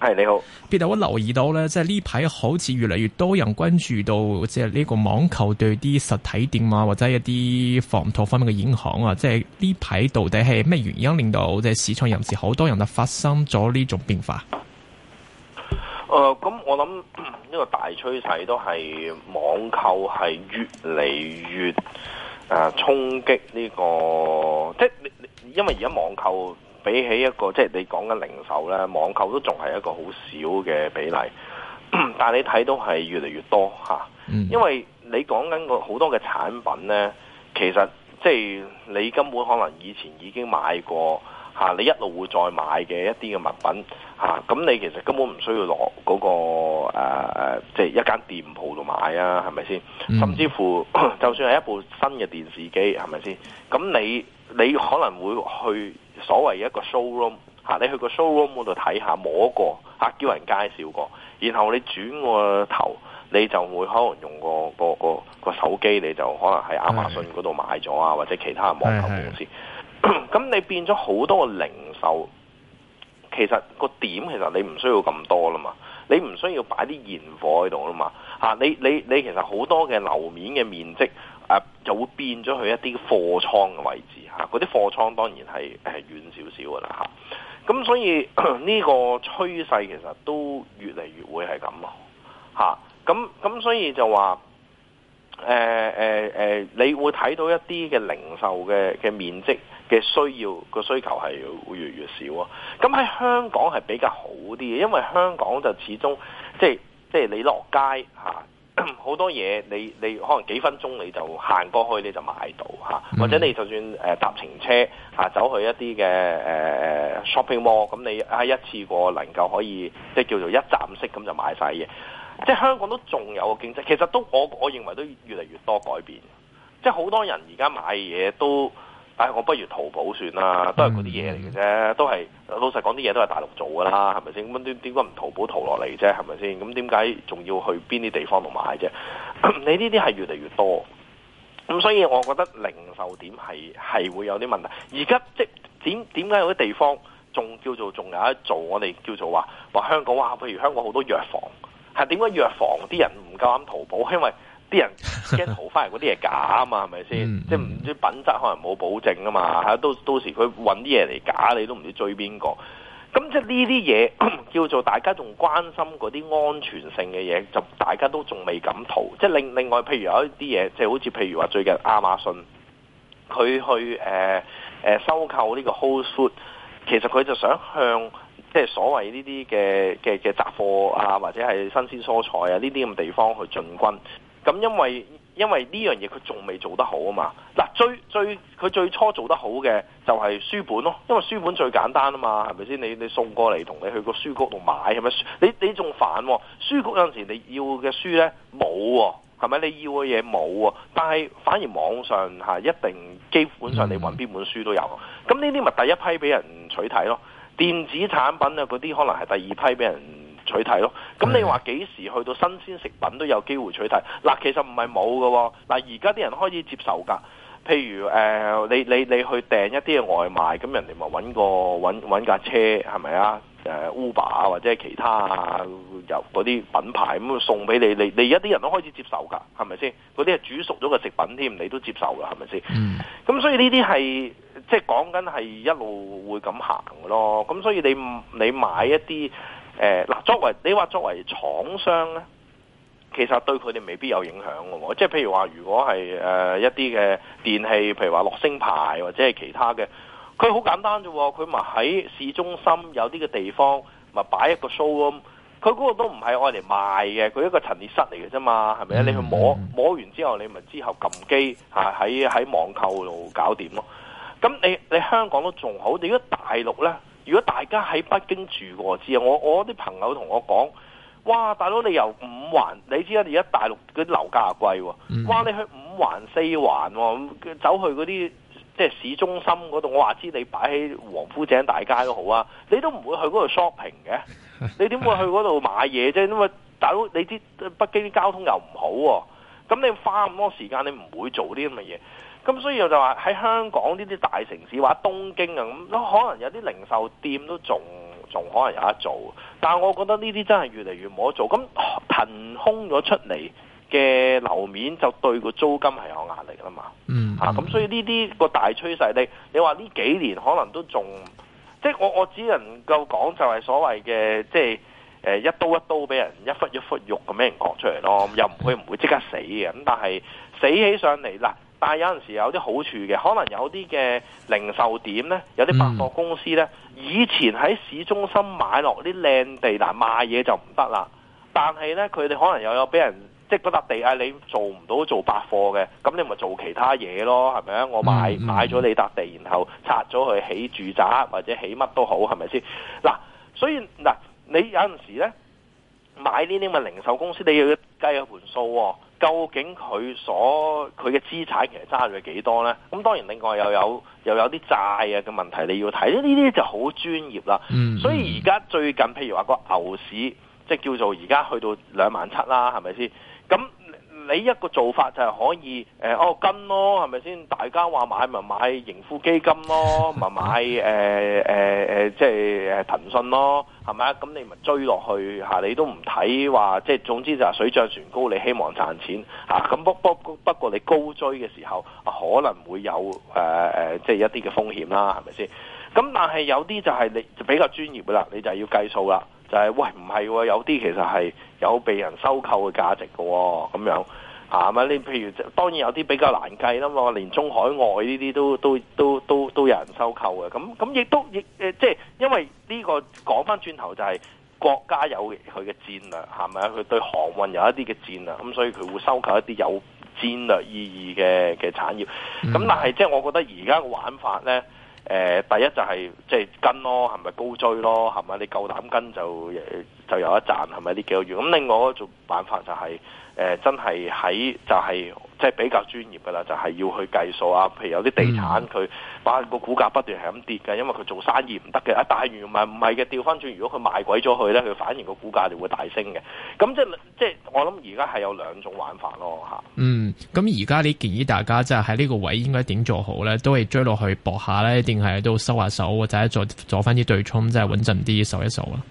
係，你好，變但我留意到咧，即係呢排好似越嚟越多人關注到，即係呢個網購對啲實體店啊，或者一啲房託方面嘅影響啊，即係呢排到底係咩原因令到即係市場人士好多人都發生咗呢種變化？誒、呃，咁我諗呢個大趨勢都係網購係越嚟越誒衝擊呢個，即係你你因為而家網購。比起一個即係你講緊零售咧，網購都仲係一個好少嘅比例，但係你睇到係越嚟越多、吓、因為你講緊個好多嘅產品咧，其實即係你根本可能以前已經買過、吓、你一路會再買嘅一啲嘅物品咁、吓、你其實根本唔需要落嗰、個、呃、即係一間店鋪度買啊，係咪先？甚至乎就算係一部新嘅電視機，係咪先？咁你。你可能會去所謂一個 showroom、啊、你去個 showroom 嗰度睇下摸過、啊、叫人介紹過，然後你轉個頭你就會可能用個，個，個，個手機，你就可能喺亞馬遜嗰度買咗啊，是是或者其他網購公司。咁是是 你變咗好多個零售，其實個點其實你唔需要咁多啦嘛，你唔需要擺啲現貨喺度啦嘛、啊、你你你其實好多嘅樓面嘅面積。誒就會變咗去一啲貨倉嘅位置，嗰啲貨倉當然係誒遠少少噶啦，咁所以呢個趨勢其實都越嚟越會係咁咯，咁咁所以就話誒誒你會睇到一啲嘅零售嘅嘅面積嘅需要個需求係會越嚟越少啊，咁喺香港係比較好啲嘅，因為香港就始終即係即係你落街好 多嘢，你你可能幾分鐘你就行過去，你就買到吓，或者你就算搭、呃、程車、啊、走去一啲嘅、呃、shopping mall，咁你喺一次過能夠可以即係叫做一站式咁就買晒嘢，即係香港都仲有個經濟，其實都我我認為都越嚟越多改變，即係好多人而家買嘢都。唉、哎，我不如淘寶算啦，都係嗰啲嘢嚟嘅啫，都係老實講啲嘢都係大陸做㗎啦，係咪先？咁點點解唔淘寶淘落嚟啫？係咪先？咁點解仲要去邊啲地方度買啫？你呢啲係越嚟越多，咁所以我覺得零售點係係會有啲問題。而家即點點解有啲地方仲叫做仲有一做？我哋叫做話話香港，哇！譬如香港好多藥房，係點解藥房啲人唔夠膽淘寶？因為啲人驚淘翻嚟嗰啲嘢假啊嘛，係咪先？嗯、即係唔知品質可能冇保證啊嘛，嚇到到時佢揾啲嘢嚟假，你都唔知追邊個。咁即係呢啲嘢叫做大家仲關心嗰啲安全性嘅嘢，就大家都仲未敢淘。即係另另外，譬如有一啲嘢，即係好似譬如話最近亞馬遜佢去誒、呃、收購呢個 Whole Food，其實佢就想向即係所謂呢啲嘅嘅嘅雜貨啊，或者係新鮮蔬菜啊呢啲咁地方去進軍。咁因為因為呢樣嘢佢仲未做得好啊嘛，嗱最最佢最初做得好嘅就係書本咯，因為書本最簡單啊嘛，係咪先？你你送過嚟同你去個書局度買係咪？你你仲煩喎，書局有陣時你要嘅書呢冇喎，係咪？你要嘅嘢冇喎？但係反而網上一定基本上你揾邊本書都有，咁呢啲咪第一批俾人取替咯？電子產品呀嗰啲可能係第二批俾人。取替咯，咁你話幾時去到新鮮食品都有機會取替嗱？其實唔係冇㗎喎。嗱，而家啲人開始接受㗎。譬如誒、呃，你你你去訂一啲嘅外賣，咁人哋咪搵個搵揾架車係咪啊？誒 Uber 啊，或者係其他啊，由嗰啲品牌咁送俾你。你你而家啲人都開始接受㗎，係咪先？嗰啲係煮熟咗嘅食品添，你都接受㗎，係咪先？咁、嗯、所以呢啲係即係講緊係一路會咁行咯。咁所以你你買一啲。誒嗱，作為你話作為廠商咧，其實對佢哋未必有影響嘅喎，即係譬如話，如果係誒、呃、一啲嘅電器，譬如話樂聲牌或者係其他嘅，佢好簡單啫喎，佢咪喺市中心有啲嘅地方咪擺一個 show 咯，佢嗰個都唔係愛嚟賣嘅，佢一個陳列室嚟嘅啫嘛，係咪啊？嗯、你去摸摸完之後，你咪之後撳機嚇喺喺網購度搞掂咯。咁你你香港都仲好，你如果大陸咧？如果大家喺北京住過，我知啊！我我啲朋友同我講：哇！大佬你由五環，你知啦，而家大陸啲樓價貴喎，哇！你去五環、四環，走去嗰啲即係市中心嗰度，我話知你擺喺王府井大街都好啊，你都唔會去嗰度 shopping 嘅，你點會去嗰度買嘢啫？因為大佬你啲北京啲交通又唔好，咁你花咁多時間，你唔會做啲咁嘅嘢。咁所以我就話喺香港呢啲大城市或者東京啊，咁，可能有啲零售店都仲仲可能有得做，但係我覺得呢啲真係越嚟越冇得做。咁騰空咗出嚟嘅樓面就對個租金係有壓力啦嘛。嗯咁、嗯啊、所以呢啲個大趨勢，你你話呢幾年可能都仲即係我我只能夠講就係所謂嘅即係、呃、一刀一刀俾人一忽一忽肉咁俾人割出嚟咯，又唔會唔會即刻死嘅咁，但係死起上嚟啦。但係有陣時有啲好處嘅，可能有啲嘅零售點呢，有啲百貨公司呢，以前喺市中心買落啲靚地，嗱賣嘢就唔得啦。但係呢，佢哋可能又有俾人即係嗰笪地嗌你做唔到做百貨嘅，咁你咪做其他嘢咯，係咪啊？我買買咗你笪地，然後拆咗佢起住宅或者起乜都好，係咪先？嗱，所以嗱，你有陣時呢，買呢啲咁嘅零售公司，你要計一盤數喎、哦。究竟佢所佢嘅資產其實揸咗幾多呢？咁當然另外又有又有啲債啊嘅問題你要睇，呢啲就好專業啦。Mm hmm. 所以而家最近譬如話個牛市，即叫做而家去到兩萬七啦，係咪先？咁你一個做法就係可以誒、呃、哦跟咯，係咪先？大家話買咪買盈富基金咯，咪買誒誒、呃呃、即係騰訊咯，係咪啊？咁你咪追落去嚇，你都唔睇話，即係總之就係水漲船高，你希望賺錢咁、啊、不不不，不過你高追嘅時候、啊，可能會有誒、呃、即係一啲嘅風險啦，係咪先？咁但係有啲就係你就比較專業啦，你就係要計數啦，就係、是、喂唔係喎，有啲其實係。有被人收購嘅價值嘅喎、哦，咁樣係嘛？你譬如當然有啲比較難計啦嘛，連中海外呢啲都都都都都有人收購嘅，咁咁亦都亦、呃、即係因為呢、呢個講翻轉頭就係國家有佢嘅戰略，係咪啊？佢對航運有一啲嘅戰略，咁所以佢會收購一啲有戰略意義嘅嘅產業。咁、嗯、但係即係我覺得而家嘅玩法咧、呃，第一就係即係跟咯，係咪高追咯？係咪你夠膽跟就？就有一賺係咪呢幾個月？咁另外一種玩法就係、是、誒、呃，真係喺就係即係比較專業嘅啦，就係、是、要去計數啊。譬如有啲地產佢個股價不斷係咁跌嘅，因為佢做生意唔得嘅。啊，但係唔係唔係嘅，調翻轉，如果佢賣鬼咗佢咧，佢反而個股價就會大升嘅。咁即係即係我諗而家係有兩種玩法咯嚇。嗯，咁而家你建議大家即係喺呢個位應該點做好咧？都係追落去搏下咧，定係都收下手或者做做翻啲對沖，即係穩陣啲守一守啊？收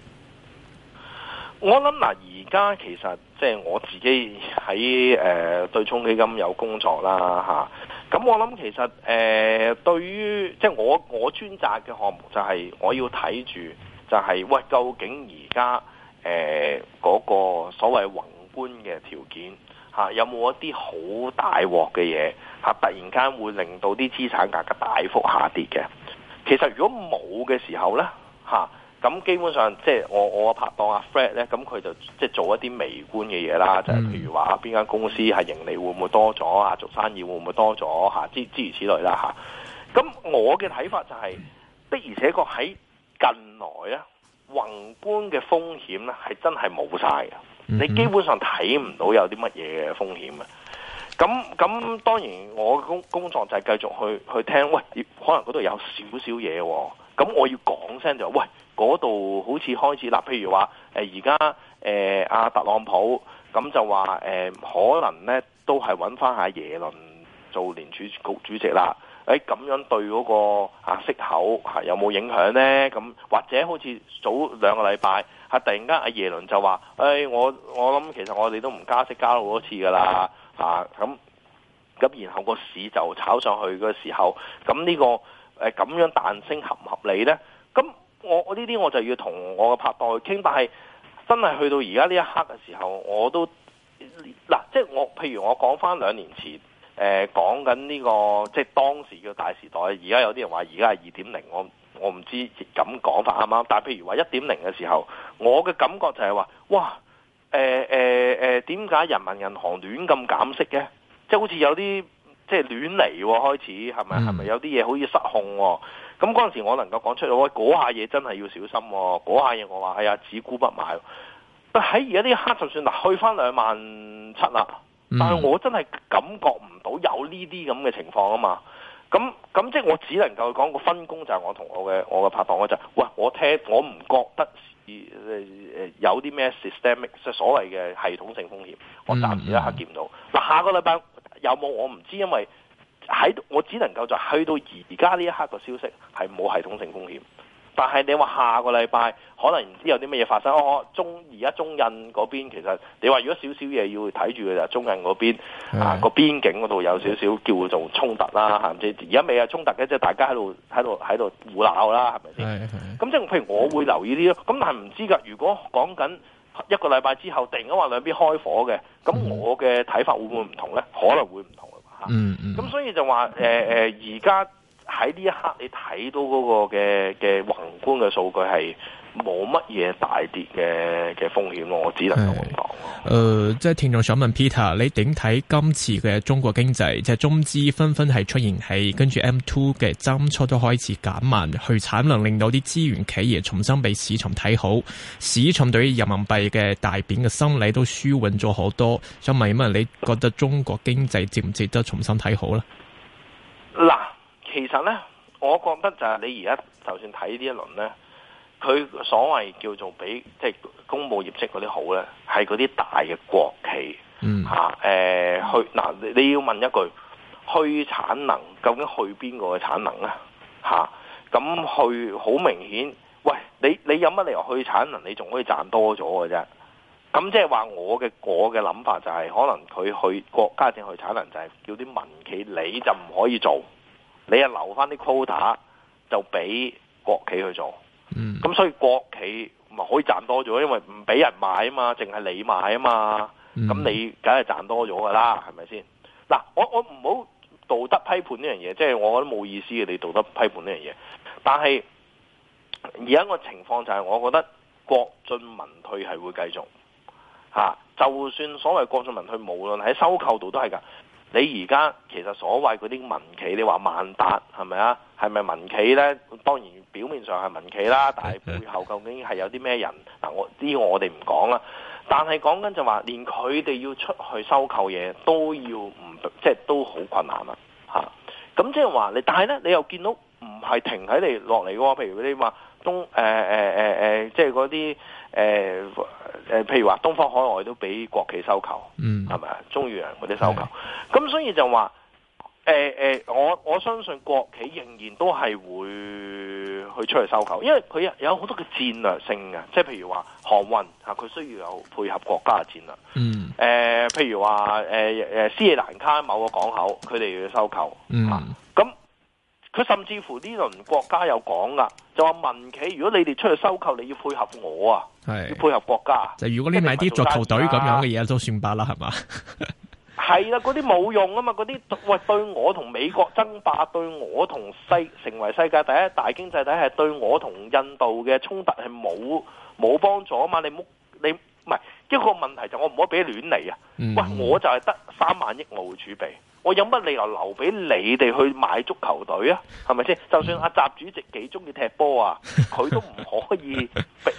我諗嗱，而家其實即係我自己喺誒、呃、對沖基金有工作啦，咁、啊、我諗其實誒、呃、對於即係我我專責嘅項目就係、是、我要睇住、就是，就係喂究竟而家誒嗰個所謂宏觀嘅條件、啊、有冇一啲好大鑊嘅嘢嚇，突然間會令到啲資產價格大幅下跌嘅。其實如果冇嘅時候咧、啊咁基本上，即係我我拍檔阿 Fred 咧，咁佢就即係做一啲微觀嘅嘢啦，就係、是、譬如話邊間公司係盈利會唔會多咗啊，做生意會唔會多咗嚇，之之如此類啦嚇，咁我嘅睇法就係、是、的而且確喺近來咧，宏觀嘅風險咧係真係冇曬嘅，你基本上睇唔到有啲乜嘢嘅風險嘅。咁咁當然我嘅工工作就係繼續去去聽，喂，可能嗰度有少少嘢喎。咁我要講聲就，喂，嗰度好似開始啦，譬如話，而家誒阿特朗普咁就話，誒、呃、可能咧都係搵翻下耶倫做聯儲局主席啦。誒、哎、咁樣對嗰個啊息口嚇有冇影響呢？咁或者好似早兩個禮拜啊突然間阿耶倫就話，誒、哎、我我諗其實我哋都唔加息加好多次㗎啦，嚇咁咁然後個市就炒上去嘅時候，咁呢、個。誒咁樣彈升合唔合理呢？咁我呢啲我就要同我嘅拍檔去傾，但係真係去到而家呢一刻嘅時候，我都嗱，即係我譬如我講翻兩年前誒、呃、講緊、這、呢個即係當時嘅大時代，而家有啲人話而家係二點零，我我唔知咁講法啱唔啱。但係譬如話一點零嘅時候，我嘅感覺就係話，哇誒誒點點解人民銀行亂咁減息嘅？即係好似有啲。即係亂嚟喎，開始係咪係咪有啲嘢好似失控喎、喔？咁嗰陣時我能夠講出嚟，我嗰下嘢真係要小心、喔。嗰下嘢我話係啊，只沽不買、喔。但喺而家呢一刻，就算去翻兩萬七啦，但係我真係感覺唔到有呢啲咁嘅情況啊嘛。咁咁、嗯、即係我只能夠講個分工就係我同我嘅我嘅拍檔嗰陣、就是。喂，我聽我唔覺得、呃、有啲咩 systemic 即係所謂嘅系統性風險，我暫時一刻見唔到。嗱、嗯，嗯、下個禮拜。有冇我唔知，因為喺我只能夠就去到而家呢一刻個消息係冇系統性風險，但係你話下個禮拜可能唔知有啲乜嘢發生。我、哦、中而家中印嗰邊其實你話如果少少嘢要睇住佢就中印嗰邊的啊個邊境嗰度有少少叫做衝突啦，係咪而家未有衝突嘅，即係大家喺度喺度喺度胡鬧啦，係咪先？咁即係譬如我會留意啲咯，咁但係唔知㗎。如果講緊一個禮拜之後突然間話兩邊開火嘅，咁我嘅睇法會唔會唔同咧？嗯、可能會唔同嘅、吓！嗯，咁所以就話誒誒，而家喺呢一刻你睇到嗰個嘅嘅宏觀嘅數據係，冇乜嘢大跌嘅嘅風險，我只能同你講。誒、呃，即係聽眾想問 Peter，你點睇今次嘅中國經濟，即係中資紛紛係出現係跟住 M two 嘅增速，都開始減慢，去產能令到啲資源企業重新被市場睇好，市場對於人民幣嘅大貶嘅心理都舒緩咗好多。想問一問，你覺得中國經濟值唔值得重新睇好呢？嗱，其實呢，我覺得就係你而家就算睇呢一輪呢佢所謂叫做比即公務業績嗰啲好咧，係嗰啲大嘅國企嚇、嗯啊呃、去嗱、啊，你要問一句去產能究竟去邊個嘅產能啊嚇？咁去好明顯，喂你你有乜理由去產能？你仲可以賺多咗嘅啫？咁即係話我嘅我嘅諗法就係、是，可能佢去國家政去產能就係叫啲民企你就唔可以做，你啊留翻啲 quota 就俾國企去做。嗯，咁所以國企咪可以賺多咗，因為唔俾人買啊嘛，淨係你買啊嘛，咁你梗係賺多咗噶啦，係咪先？嗱，我我唔好道德批判呢樣嘢，即係我覺得冇意思嘅，你道德批判呢樣嘢，但係而家個情況就係，我覺得國進民退係會繼續吓，就算所謂國進民退無論喺收購度都係噶。你而家其實所謂嗰啲民企，你話萬達係咪啊？係咪民企咧？當然表面上係民企啦，但係背後究竟係有啲咩人？嗱，這個、我知我哋唔講啦。但係講緊就話，連佢哋要出去收購嘢都要唔即係都好困難啦。嚇，咁即係話你，但係咧你又見到唔係停喺你落嚟喎。譬如啲話東誒誒誒誒，即係嗰啲誒。呃誒、呃，譬如話東方海外都俾國企收購，嗯，係咪啊？中遠嗰啲收購，咁的所以就話，誒、呃、誒、呃，我我相信國企仍然都係會去出去收購，因為佢有好多嘅戰略性嘅，即係譬如話航運嚇，佢需要有配合國家嘅戰略，嗯，誒、呃、譬如話誒誒斯里蘭卡某個港口，佢哋要收購、嗯啊，嗯，咁。佢甚至乎呢輪國家有講㗎，就話民企如果你哋出去收購，你要配合我啊，是要配合國家。就如果你買啲足球隊咁樣嘅嘢，都算罷啦，係嘛？係啦，嗰啲冇用啊嘛，嗰啲喂，對我同美國爭霸，對我同世成為世界第一大經濟體系，對我同印度嘅衝突係冇冇幫助啊嘛？你冇你唔係一個問題就我唔可以俾亂嚟啊！喂，我就係得三萬億外匯儲備。我有乜理由留畀你哋去買足球隊啊？係咪先？就算阿習主席幾鍾意踢波啊，佢都唔可以俾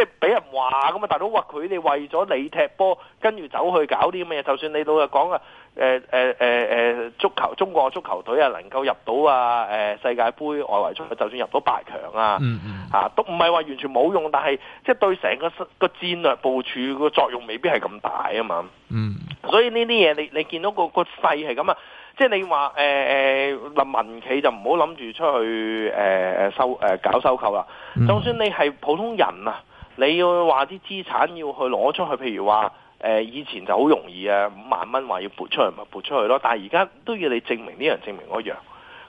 即係俾人話咁啊！大佬話佢哋為咗你踢波，跟住走去搞啲咁嘅嘢。就算你老實講啊，誒誒誒誒，足球中國足球隊啊，能夠入到啊誒、欸、世界盃外圍賽，就算入到八強啊，嚇、嗯嗯啊、都唔係話完全冇用。但係即係對成個個戰略部署個作用未必係咁大啊嘛。嗯，所以呢啲嘢你你見到、嗰個、嗰個勢係咁啊！即係你話誒誒臨民企就唔好諗住出去誒、呃、收誒、呃、搞收購啦。嗯、就算你係普通人啊！你要話啲資產要去攞出去，譬如話、呃、以前就好容易啊，五萬蚊話要撥出去咪撥出去咯。但係而家都要你證明呢樣證明嗰樣，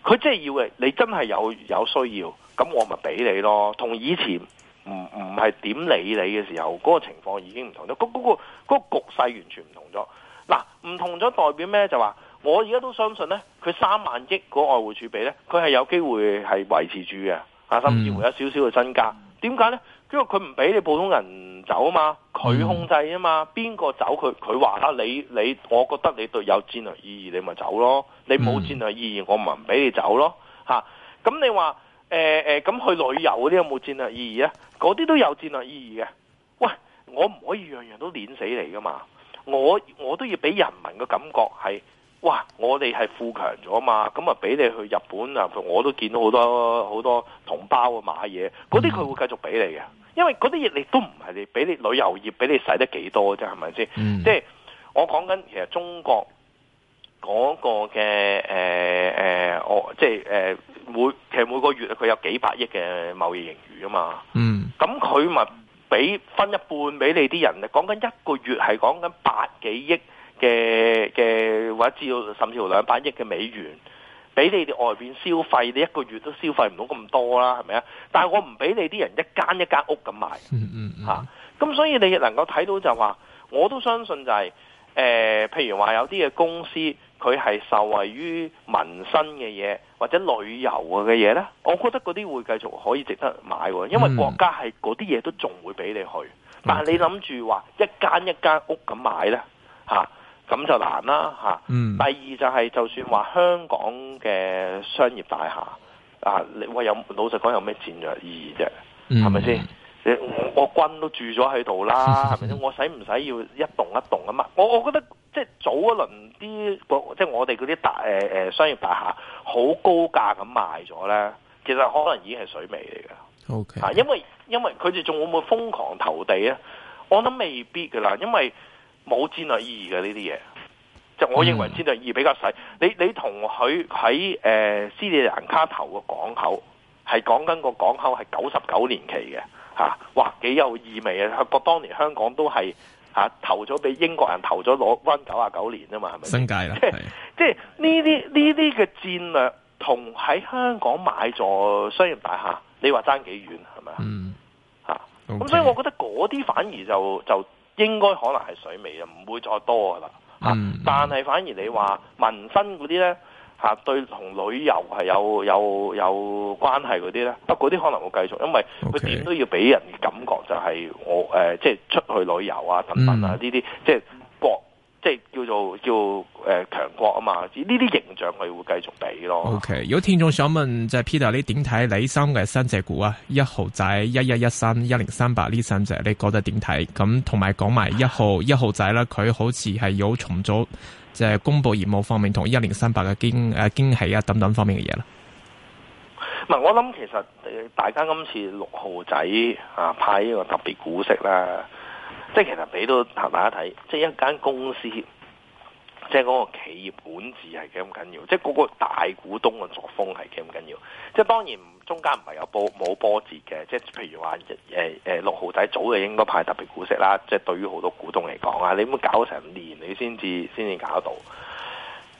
佢真係要嘅。你真係有有需要，咁我咪俾你咯。同以前唔唔係點理你嘅時候，嗰個情況已經唔同咗，嗰嗰個嗰個局勢完全唔同咗。嗱，唔同咗代表咩？就話我而家都相信呢，佢三萬億嗰個外匯儲備呢，佢係有機會係維持住嘅啊，甚至乎有少少嘅增加。點解呢？因為佢唔俾你普通人走啊嘛，佢控制啊嘛，邊個、嗯、走佢佢話啦，你你我覺得你對有戰略意義，你咪走咯，你冇戰略意義，我咪唔俾你走咯吓咁、啊、你話誒誒咁去旅遊嗰啲有冇戰略意義啊？嗰啲都有戰略意義嘅。喂，我唔可以樣樣都碾死你噶嘛，我我都要俾人民嘅感覺係，哇，我哋係富強咗嘛，咁啊俾你去日本啊，我都見到好多好多同胞啊買嘢，嗰啲佢會繼續俾你嘅。嗯因為嗰啲嘢你都唔係你俾你旅遊業俾你使得幾多啫，係咪先？即係、嗯、我講緊其實中國嗰個嘅誒誒，我即係誒每其實每個月佢有幾百億嘅貿易盈餘啊嘛。嗯，咁佢咪俾分一半俾你啲人？講緊一個月係講緊百幾億嘅嘅或者至到甚至乎兩百億嘅美元。俾你哋外邊消費，你一個月都消費唔到咁多啦，係咪啊？但係我唔俾你啲人一間一間屋咁買，嗯嗯嚇。咁所以你亦能夠睇到就話，我都相信就係誒、呃，譬如話有啲嘅公司佢係受惠於民生嘅嘢，或者旅遊嘅嘢呢。我覺得嗰啲會繼續可以值得買，因為國家係嗰啲嘢都仲會俾你去。但係你諗住話一間一間屋咁買呢？嚇、啊？咁就難啦嚇。啊嗯、第二就係，就算話香港嘅商業大廈啊，你話有老實講有咩戰略意義啫？係咪先？我軍都住咗喺度啦，係咪先？我使唔使要一棟一棟啊？嘛，我我覺得即係早一輪啲即係我哋嗰啲大誒誒、呃、商業大廈好高價咁賣咗咧，其實可能已經係水尾嚟嘅。O K。嚇，因為因為佢哋仲會唔會瘋狂投地啊？我諗未必噶啦，因為。冇戰略意義嘅呢啲嘢，就我認為戰略意義比較細。嗯。你你同佢喺誒斯里蘭卡投個港口，係講緊個港口係九十九年期嘅吓、啊，哇，幾有意味啊！香當年香港都係吓、啊、投咗俾英國人投，投咗攞翻九啊九年啊嘛，係咪？新界啦，即係呢啲呢啲嘅戰略同喺香港買咗商業大廈，你話爭幾遠係咪啊？吓，咁所以我覺得嗰啲反而就就。應該可能係水尾啊，唔會再多㗎喇嚇。嗯、但係反而你話民生嗰啲咧嚇，對同旅遊係有有有關係嗰啲咧，不過嗰啲可能會繼續，因為佢點都要俾人的感覺就係我誒，即、呃、係出去旅遊啊等等啊呢啲，即係、嗯就係、國，即、就、係、係、叫做叫。誒，強國啊嘛，呢啲形象我哋會繼續俾咯。OK，有聽眾想問，就係 Peter 你點睇李生嘅三隻股啊？一號仔、一一一三、一零三八呢三隻，你覺得點睇？咁同埋講埋一號一號仔啦，佢好似係有重組，即係公布業務方面同一零三八嘅驚誒驚喜啊，等等方面嘅嘢啦。唔，我諗其實大家今次六號仔啊派呢個特別股息啦，即係其實俾到大家睇，即係一間公司。即係嗰個企業管治係幾咁緊要，即係嗰個大股東嘅作風係幾咁緊要。即係當然中間唔係有波冇波折嘅，即係譬如話誒誒六號仔早就應該派特別股息啦。即係對於好多股東嚟講啊，你唔會搞成年你先至先至搞得到，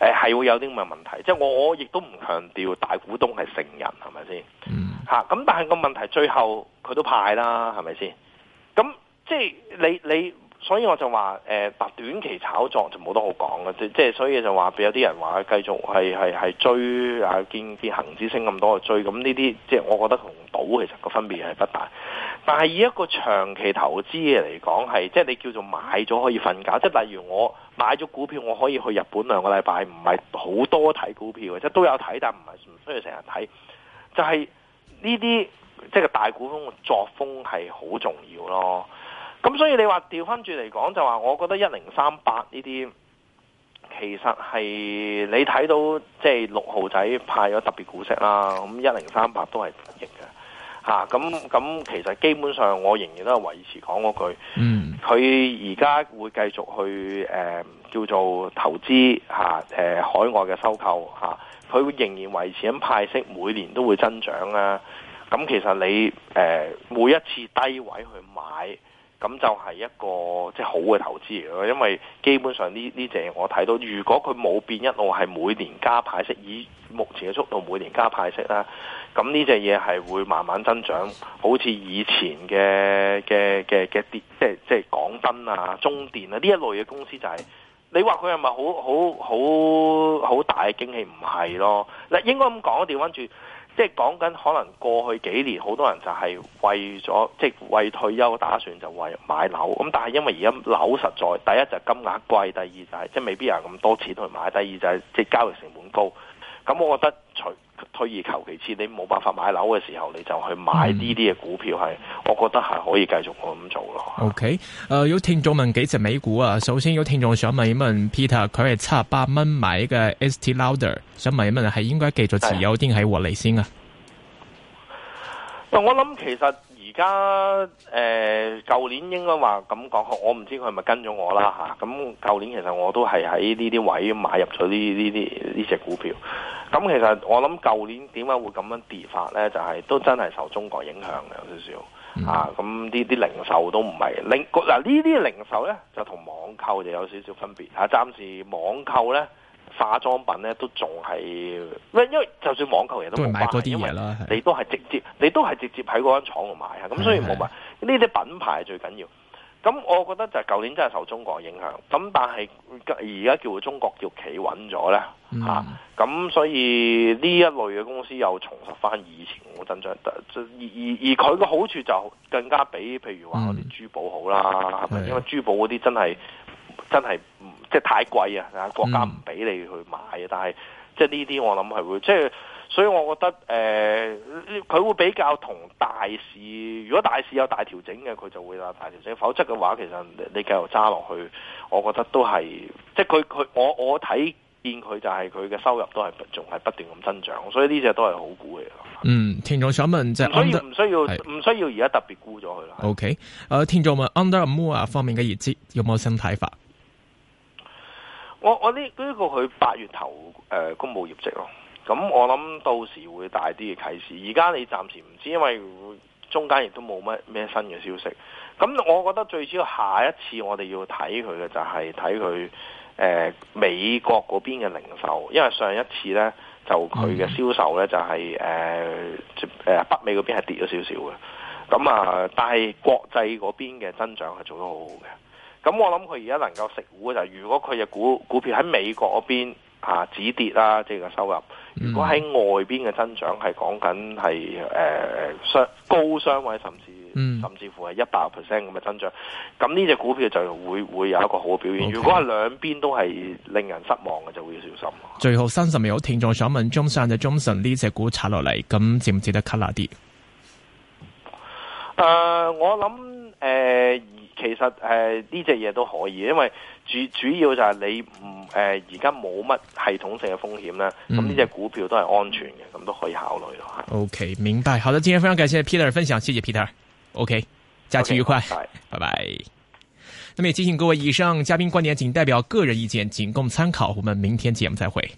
誒係會有啲咁嘅問題。即係我我亦都唔強調大股東係成人，係咪先？吓咁、嗯、但係個問題最後佢都派啦，係咪先？咁即係你你。你所以我就話誒、呃，短期炒作就冇得好講嘅，即係所以就話俾有啲人話繼續係係係追啊，見見恒指升咁多就追咁呢啲，即係我覺得同賭其實個分別係不大。但係以一個長期投資嘅嚟講係，即係你叫做買咗可以瞓覺。即係例如我買咗股票，我可以去日本兩個禮拜，唔係好多睇股票嘅，即係都有睇，但係唔係唔需要成日睇。就係呢啲即係個大股風嘅作風係好重要咯。咁所以你話調翻轉嚟講，就話我覺得一零三八呢啲，其實係你睇到即係六號仔派咗特別股息啦，咁一零三八都係得益嘅，吓咁咁其實基本上我仍然都係維持講嗰句，嗯，佢而家會繼續去誒、呃、叫做投資吓，誒、啊呃、海外嘅收購吓，佢、啊、仍然維持緊派息，每年都會增長啦、啊。咁、啊、其實你誒、呃、每一次低位去買。咁就係一個即係、就是、好嘅投資嚟咯，因為基本上呢呢隻我睇到，如果佢冇變，一路係每年加派息，以目前嘅速度每年加派息啦，咁呢隻嘢係會慢慢增長，好似以前嘅嘅嘅嘅跌，即係即係港燈啊、中電啊呢一類嘅公司就係、是，你話佢係咪好好好好大嘅驚喜？唔係咯，嗱應該咁講啊，調返轉。即係講緊，可能過去幾年好多人就係為咗即係為退休打算，就為買樓。咁但係因為而家樓實在第一就係金額貴，第二就係即係未必有咁多錢去買，第二就係即係交易成本高。咁我覺得除。推而求其次，你冇辦法買樓嘅時候，你就去買呢啲嘅股票，係我覺得係可以繼續咁做咯、嗯。OK，誒、呃、有聽眾問幾隻美股啊？首先有聽眾想問一問 Peter，佢係七十八蚊買嘅 ST Louder，想問一問係應該繼續持有定係獲利先啊？嗯、但我諗其實。而家誒，舊年應該話咁講，我唔知佢係咪跟咗我啦嚇。咁舊年其實我都係喺呢啲位買入咗呢呢啲呢隻股票。咁其實我諗舊年點解會咁樣跌法呢？就係都真係受中國影響嘅有少少啊。咁呢啲零售都唔係零嗱呢啲零售呢，就同網購就有少少分別嚇。暫時網購呢。化妝品咧都仲係，因為就算網球人都冇買嗰啲嘢啦，你都係直接，你都係直接喺嗰間廠度買啊，咁所以冇買。呢啲、嗯、的品牌最緊要，咁我覺得就係舊年真係受中國影響，咁但係而家叫中國叫企穩咗咧，咁所以呢一類嘅公司又重拾翻以前嘅增長。而而而佢嘅好處就更加比譬如話我啲珠寶好啦，係咪、嗯？的因為珠寶嗰啲真係真係。即係太貴啊！國家唔俾你去買啊！嗯、但係即係呢啲，我諗係會即係，所以我覺得誒，佢、呃、會比較同大市。如果大市有大調整嘅，佢就會有大調整。否則嘅話，其實你繼續揸落去，我覺得都係即係佢佢我我睇見佢就係佢嘅收入都係仲係不斷咁增長，所以呢隻都係好股嘅。嗯，聽眾想問即係唔以唔需要唔需要而家是特別沽咗佢啦？OK，誒、呃，聽眾問 Under Armour 方面嘅熱資有冇新睇法？我我呢呢、呢個佢八月頭誒、呃、公佈業績咯，咁我諗到時會大啲嘅啟示。而家你暫時唔知，因為中間亦都冇乜咩新嘅消息。咁我覺得最主要下一次我哋要睇佢嘅就係睇佢誒美國嗰邊嘅零售，因為上一次呢，就佢嘅銷售呢、就係，就係誒北美嗰邊係跌咗少少嘅。咁啊，但係國際嗰邊嘅增長係做得好好嘅。咁我諗佢而家能夠食糊嘅就係，如果佢嘅股股票喺美國嗰邊啊止跌啦，即係個收入；如果喺外邊嘅增長係講緊係誒高雙位，甚至甚至乎係一百 percent 咁嘅增長，咁呢隻股票就會會有一個好嘅表現。Okay. 如果係兩邊都係令人失望嘅，就會要小心。最後三十秒，聽眾想問中盛嘅中盛呢隻股炒落嚟，咁值唔值得吸納啲？誒、呃，我諗誒。呃其實誒呢隻嘢都可以，因為主主要就係你唔誒而家冇乜系統性嘅風險啦。咁呢隻股票都係安全嘅，咁都可以考慮咯。嗯、是。OK，明白。好的，今天非常感謝 Peter 分享，謝謝 Peter。OK，假期愉快，拜拜。Okay，拜拜。咁也提醒各位，以上嘉賓觀點僅代表個人意見，僅供參考。我們明天節目再會。